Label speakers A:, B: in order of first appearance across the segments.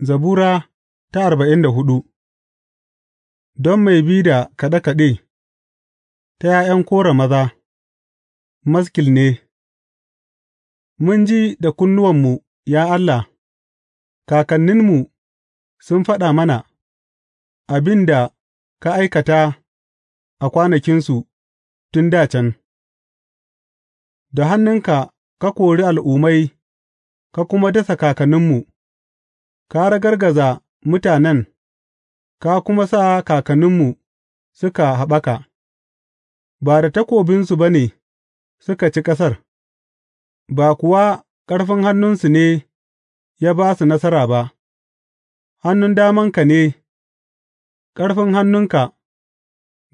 A: Zabura ta arba'in da hudu Don mai bi da kaɗe kaɗe ta ’ya'yan Kora maza, maskil ne Mun ji da kunnuwanmu, ya Allah, kakanninmu sun faɗa mana abin da ka aikata a kwanakinsu tun da can, da hannunka ka kori al'ummai ka kuma dasa kakanninmu. Ka ragargaza mutanen ka kuma sa kakanninmu suka haɓaka; ba da takobinsu ba ne suka ci ƙasar, ba kuwa ƙarfin hannunsu ne ya ba su nasara ba, hannun damanka ne, ƙarfin hannunka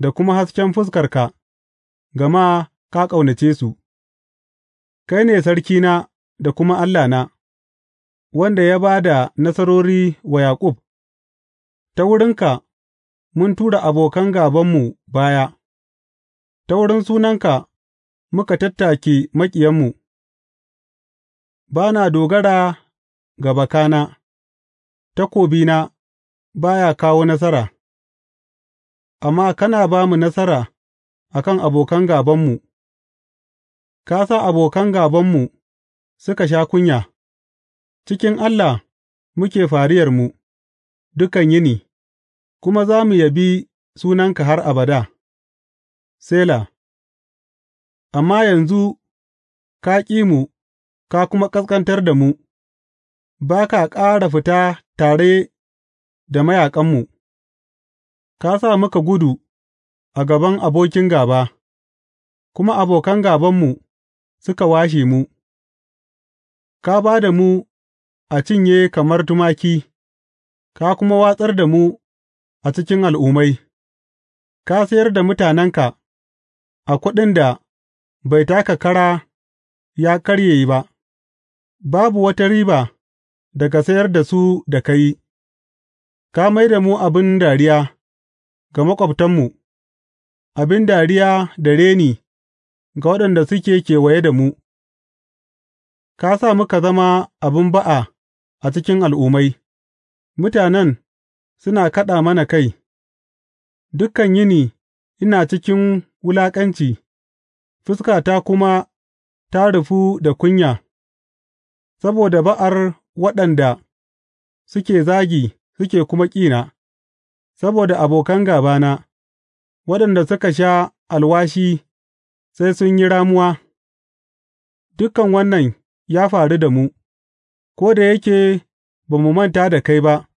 A: da kuma hasken fuskarka, gama ka ƙaunace su; kai ne Sarkina da kuma Allahna. wanda ya ba da nasarori wa Yaƙub, ta wurinka mun tura abokan gābanmu baya, ta wurin sunanka muka tattake maƙiyanmu, ba na dogara ga bakana, takobina ba ya kawo nasara, amma kana ba mu nasara a kan abokan gābanmu, ka sa abokan gābanmu suka sha kunya. Cikin Allah muke fariyarmu dukan yini, kuma za mu yabi sunanka har abada, Sela Amma yanzu ka ƙi mu ka kuma ƙasƙantar da mu, ba ka ƙara fita tare da mayaƙanmu, ka sa muka gudu a gaban abokin gaba, kuma abokan gabanmu suka washe mu, ka ba da mu a cinye kamar tumaki, ka kuma watsar da mu a cikin al'ummai; ka sayar da mutanenka a kuɗin da bai taka kara ya karye ba, babu wata riba daga sayar da su da ka yi, ka mai da mu abin dariya ga maƙwabtanmu, abin dariya da reni ga waɗanda suke kewaye da mu, ka sa muka zama abin ba'a. a cikin al'ummai, mutanen suna kaɗa mana kai; dukan yini ina cikin wulaƙanci fuskata kuma ta rufu da kunya saboda ba'ar waɗanda suke zagi suke kuma ƙina, saboda abokan gābana, waɗanda suka sha alwashi sai sun yi ramuwa, dukan wannan ya faru da mu. ko da yake ba mu manta da kai ba,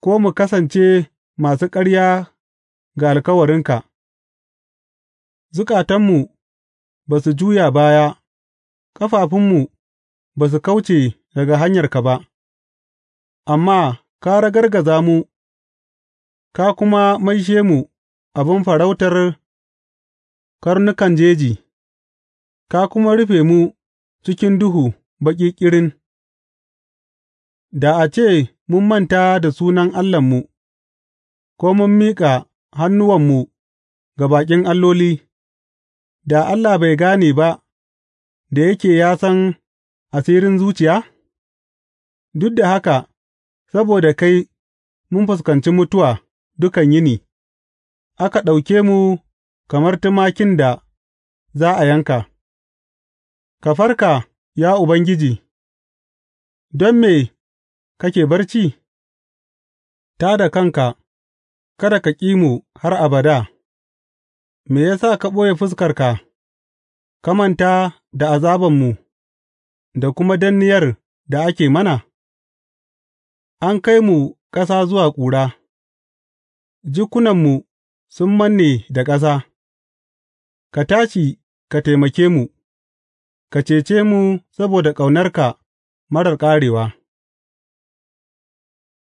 A: ko mu kasance masu ƙarya ga alkawarinka, zukatanmu ba su juya baya, ƙafafunmu ba su kauce daga hanyarka ba, amma ka ragargaza mu, ka kuma maishe mu abin farautar karnukan jeji, ka kuma rufe mu cikin duhu baƙi ƙirin. Da a ce mun manta da sunan Allahnmu, ko mun miƙa hannuwanmu ga baƙin alloli, da Allah bai gane ba, da yake ya san asirin zuciya? Duk da haka, saboda kai mun fuskanci mutuwa dukan yini, aka ɗauke mu kamar tumakin da za a yanka. Ka farka, ya Ubangiji, don me kake barci? Ta da kanka, kada ka ƙi mu har abada, me ya sa ka ɓoye fuskarka, ka manta da azabanmu da kuma danniyar da ake mana? An kai mu ƙasa zuwa ƙura, jikunanmu sun manne da ƙasa, ka tashi ka taimake mu, ka cece mu saboda ƙaunarka marar ƙarewa.